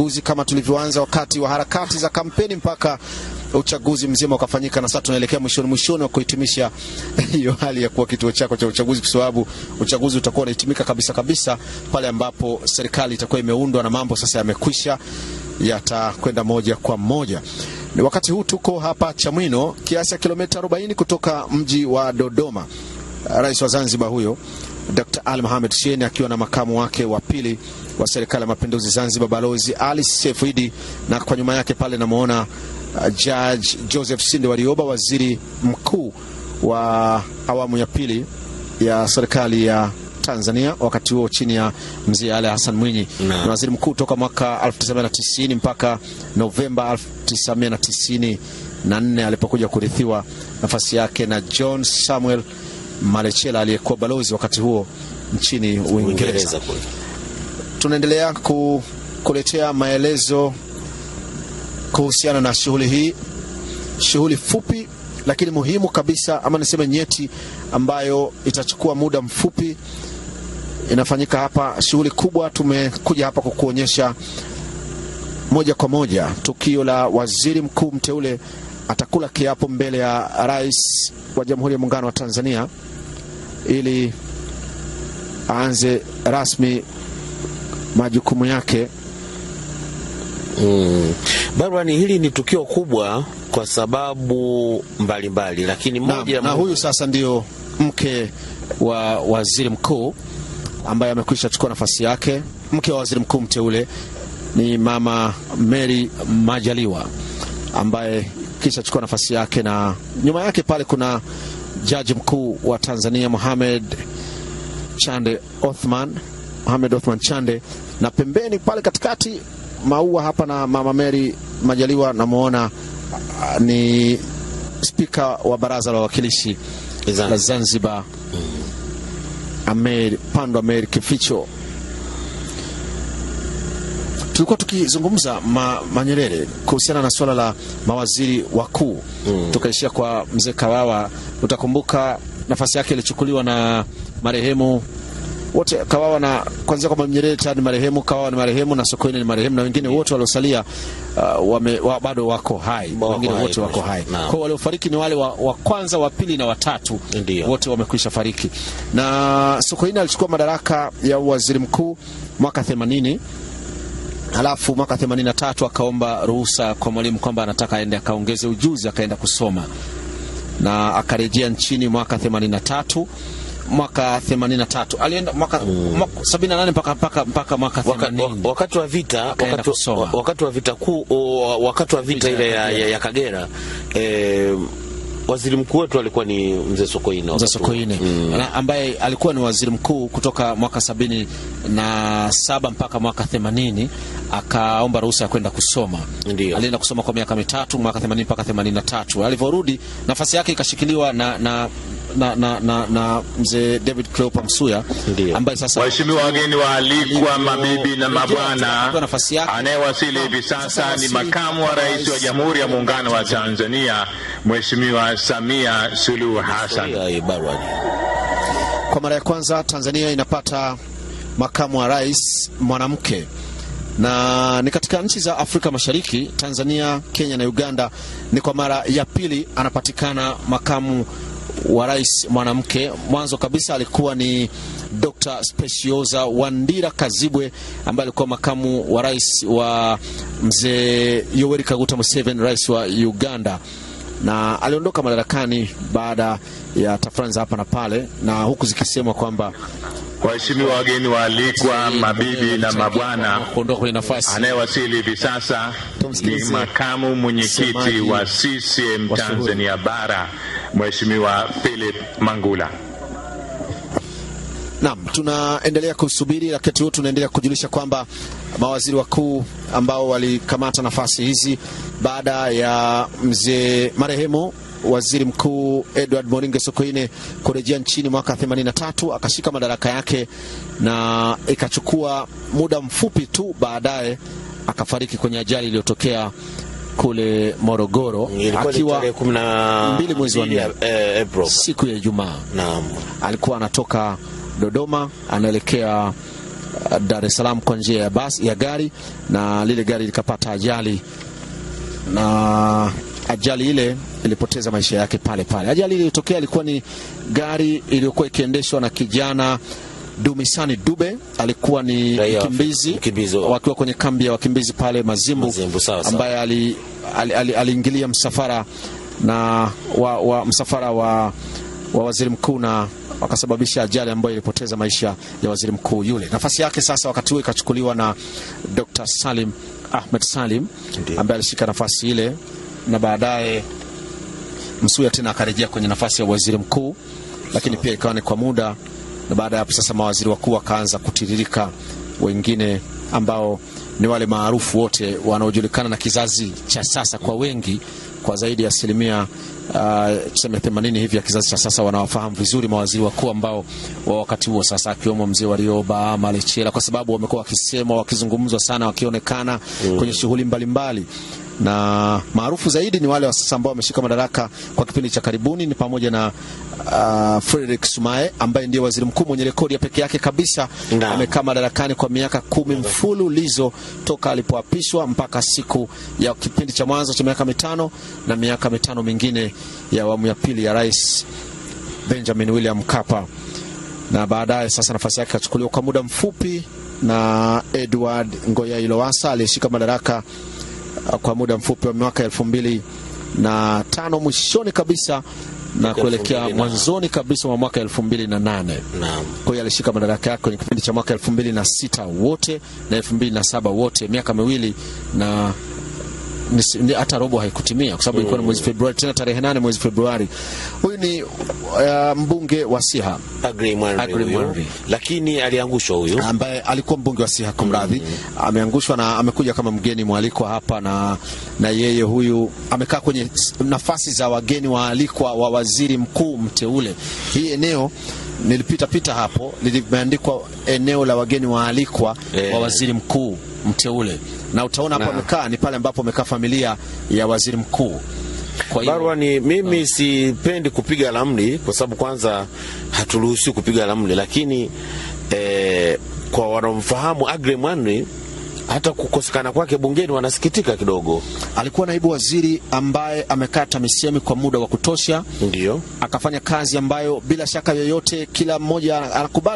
uchaguzi kama tulivyoanza wakati wa harakati za kampeni mpaka uchaguzi mzima ukafanyika, na sasa tunaelekea mwishoni mwishoni wa kuhitimisha hiyo hali ya kuwa kituo chako cha uchaguzi, kwa sababu uchaguzi utakuwa unahitimika kabisa kabisa pale ambapo serikali itakuwa imeundwa na mambo sasa yamekwisha, yatakwenda moja kwa moja. Ni wakati huu tuko hapa Chamwino, kiasi ya kilomita 40 kutoka mji wa Dodoma. Rais wa Zanzibar huyo Dr. Ali Mohamed Shein akiwa na makamu wake wa pili wa serikali ya mapinduzi Zanzibar, Balozi Ali Sefuidi, na kwa nyuma yake pale namwona uh, Judge Joseph Sinde Warioba, waziri mkuu wa awamu ya pili ya serikali ya Tanzania wakati huo chini ya mzee Ali Hassan Mwinyi na waziri mkuu toka mwaka 1990 mpaka Novemba 1994 alipokuja kurithiwa nafasi yake na John Samuel Malechela aliyekuwa balozi wakati huo nchini Uingereza tunaendelea kukuletea maelezo kuhusiana na shughuli hii, shughuli fupi lakini muhimu kabisa, ama niseme nyeti, ambayo itachukua muda mfupi. Inafanyika hapa shughuli kubwa. Tumekuja hapa kukuonyesha moja kwa moja tukio la waziri mkuu mteule atakula kiapo mbele ya rais wa Jamhuri ya Muungano wa Tanzania ili aanze rasmi majukumu yake. Mm. ni hili ni tukio kubwa kwa sababu mbalimbali mbali, lakini moja na, na huyu sasa ndio mke wa waziri mkuu ambaye amekwisha chukua nafasi yake. Mke wa waziri mkuu mteule ni mama Mary Majaliwa ambaye kisha chukua nafasi yake, na nyuma yake pale kuna jaji mkuu wa Tanzania Mohamed Chande Othman Mohamed Othman Chande, na pembeni pale katikati Maua hapa na Mama Mary Majaliwa, namwona ah, ni spika wa baraza la wawakilishi la Zanzibar Ameir Pandwa Ameir Kificho. Tulikuwa tukizungumza ma, Manyerere kuhusiana na suala la mawaziri wakuu mm. Tukaishia kwa mzee Kawawa. Utakumbuka nafasi yake ilichukuliwa na marehemu wote Kawawa na kwanzia kwamba Nyerere Chad ni marehemu, Kawawa ni marehemu na Sokoine ni marehemu na wengine wote waliosalia uh, wame, wa, bado wako hai, wengine wote wako hai. Kwa hiyo waliofariki ni wale wa, wa kwanza wa pili na watatu, wote wamekwisha fariki. Na Sokoine alichukua madaraka ya waziri mkuu mwaka 80 halafu mwaka 83 akaomba ruhusa kwa mwalimu kwamba anataka aende akaongeze ujuzi, akaenda kusoma na akarejea nchini mwaka 83 mwaka 83 alienda mwaka 78 mm. mpaka mpaka mpaka mwaka 80 wakati wa vita wakati, wa, wakati wa vita kuu wakati wa vita ile ya, ya, ya Kagera eh, waziri mkuu wetu alikuwa ni mzee Sokoine, mzee Sokoine mm. ambaye alikuwa ni waziri mkuu kutoka mwaka sabini na saba mpaka mwaka 80 akaomba ruhusa ya kwenda kusoma. Ndiyo. alienda kusoma kwa miaka mitatu mwaka 80 mpaka 83. na alivyorudi nafasi yake ikashikiliwa na, na na, na, na, na mzee David Cleopa Msuya ambaye sasa, waheshimiwa wageni waalikwa, mabibi na mabwana, anayewasili hivi sasa ni makamu wa rais wa Jamhuri ya Muungano wa Tanzania Mheshimiwa Samia Suluhu Hassan. Kwa mara ya kwanza Tanzania inapata makamu wa rais mwanamke na ni katika nchi za Afrika Mashariki, Tanzania, Kenya na Uganda ni kwa mara ya pili anapatikana makamu wa rais mwanamke mwanzo kabisa alikuwa ni Dr. Specioza Wandira Kazibwe ambaye alikuwa makamu wa rais wa mzee Yoweri Kaguta Museveni, rais wa Uganda, na aliondoka madarakani baada ya tafranza hapa na pale, na huku zikisemwa kwamba Waheshimiwa wageni waalikwa, mabibi na mabwana, anayewasili hivi sasa ni makamu mwenyekiti wa CCM Tanzania Bara Mheshimiwa Philip Mangula. Naam, tunaendelea kusubiri wakati huu, tunaendelea kujulisha kwamba mawaziri wakuu ambao walikamata nafasi hizi baada ya mzee marehemu waziri mkuu Edward Moringe Sokoine kurejea nchini mwaka 83 akashika madaraka yake, na ikachukua muda mfupi tu baadaye akafariki kwenye ajali iliyotokea kule Morogoro akiwa mbili mwezi wa nne eh, siku ya Ijumaa. Alikuwa anatoka Dodoma anaelekea eh, Dar es Salaam kwa njia ya basi ya gari, na lile gari likapata ajali, na ajali ile ilipoteza maisha yake pale pale. Ajali iliyotokea ilikuwa ni gari iliyokuwa ikiendeshwa na kijana Dumisani Dube alikuwa ni mkimbizi wakiwa kwenye kambi ya wakimbizi pale Mazimbu, Mazimbu sawa, ambaye aliingilia ali, ali, ali msafara na wa, wa, msafara wa, wa waziri mkuu na wakasababisha ajali ambayo ilipoteza maisha ya waziri mkuu yule. Nafasi yake sasa wakati huo ikachukuliwa na Dr. Salim Ahmed Salim ambaye alishika nafasi ile na baadaye Msuya tena akarejea kwenye nafasi ya waziri mkuu, lakini pia ikawa ni kwa muda na baada ya hapo sasa mawaziri wakuu wakaanza kutiririka, wengine ambao ni wale maarufu wote wanaojulikana na kizazi cha sasa, kwa wengi, kwa zaidi ya asilimia uh, themanini hivi ya kizazi cha sasa wanawafahamu vizuri mawaziri wakuu ambao wa wakati huo sasa, akiwemo mzee Warioba, Malecela, kwa sababu wamekuwa wakisema, wakizungumzwa sana, wakionekana mm. kwenye shughuli mbalimbali na maarufu zaidi ni wale wa sasa ambao wameshika madaraka kwa kipindi cha karibuni, ni pamoja na uh, Frederick Sumae ambaye ndiye waziri mkuu mwenye rekodi ya peke yake kabisa, amekaa madarakani kwa miaka kumi mfululizo toka alipoapishwa mpaka siku ya kipindi cha mwanzo cha miaka mitano na miaka mitano mingine ya awamu ya pili ya Rais Benjamin William Mkapa, na baadaye sasa nafasi yake kachukuliwa kwa muda mfupi na Edward Ngoyai Lowassa aliyeshika madaraka kwa muda mfupi wa mwaka elfu mbili na tano mwishoni kabisa na kuelekea mwanzoni kabisa mwa mwaka elfu mbili na nane. Kwa hiyo alishika madaraka yake kwenye kipindi cha mwaka elfu mbili na sita wote na elfu mbili na saba wote, miaka miwili na hata robo haikutimia kwa sababu ilikuwa ni mwezi Februari, tena tarehe nane mwezi Februari. Huyu ni uh, mbunge wa Siha Agri Mwanri, lakini aliangushwa huyu, ambaye alikuwa mbunge wa Siha kumradhi, mm. ameangushwa na amekuja kama mgeni mwalikwa hapa, na na yeye huyu amekaa kwenye nafasi za wageni waalikwa wa waziri mkuu mteule. Hii eneo nilipitapita hapo, limeandikwa eneo la wageni waalikwa eh. wa waziri mkuu mteule, na utaona hapo amekaa ni pale ambapo amekaa familia ya waziri mkuu. Kwa hiyo barua ni mimi no. Ah. sipendi kupiga ramli kwa sababu kwanza haturuhusiwi kupiga ramli, lakini eh, kwa wanaomfahamu Aggrey Mwanri hata kukosekana kwake bungeni wanasikitika kidogo. Alikuwa naibu waziri ambaye amekaa TAMISEMI kwa muda wa kutosha, ndio akafanya kazi ambayo bila shaka yoyote kila mmoja anakubali.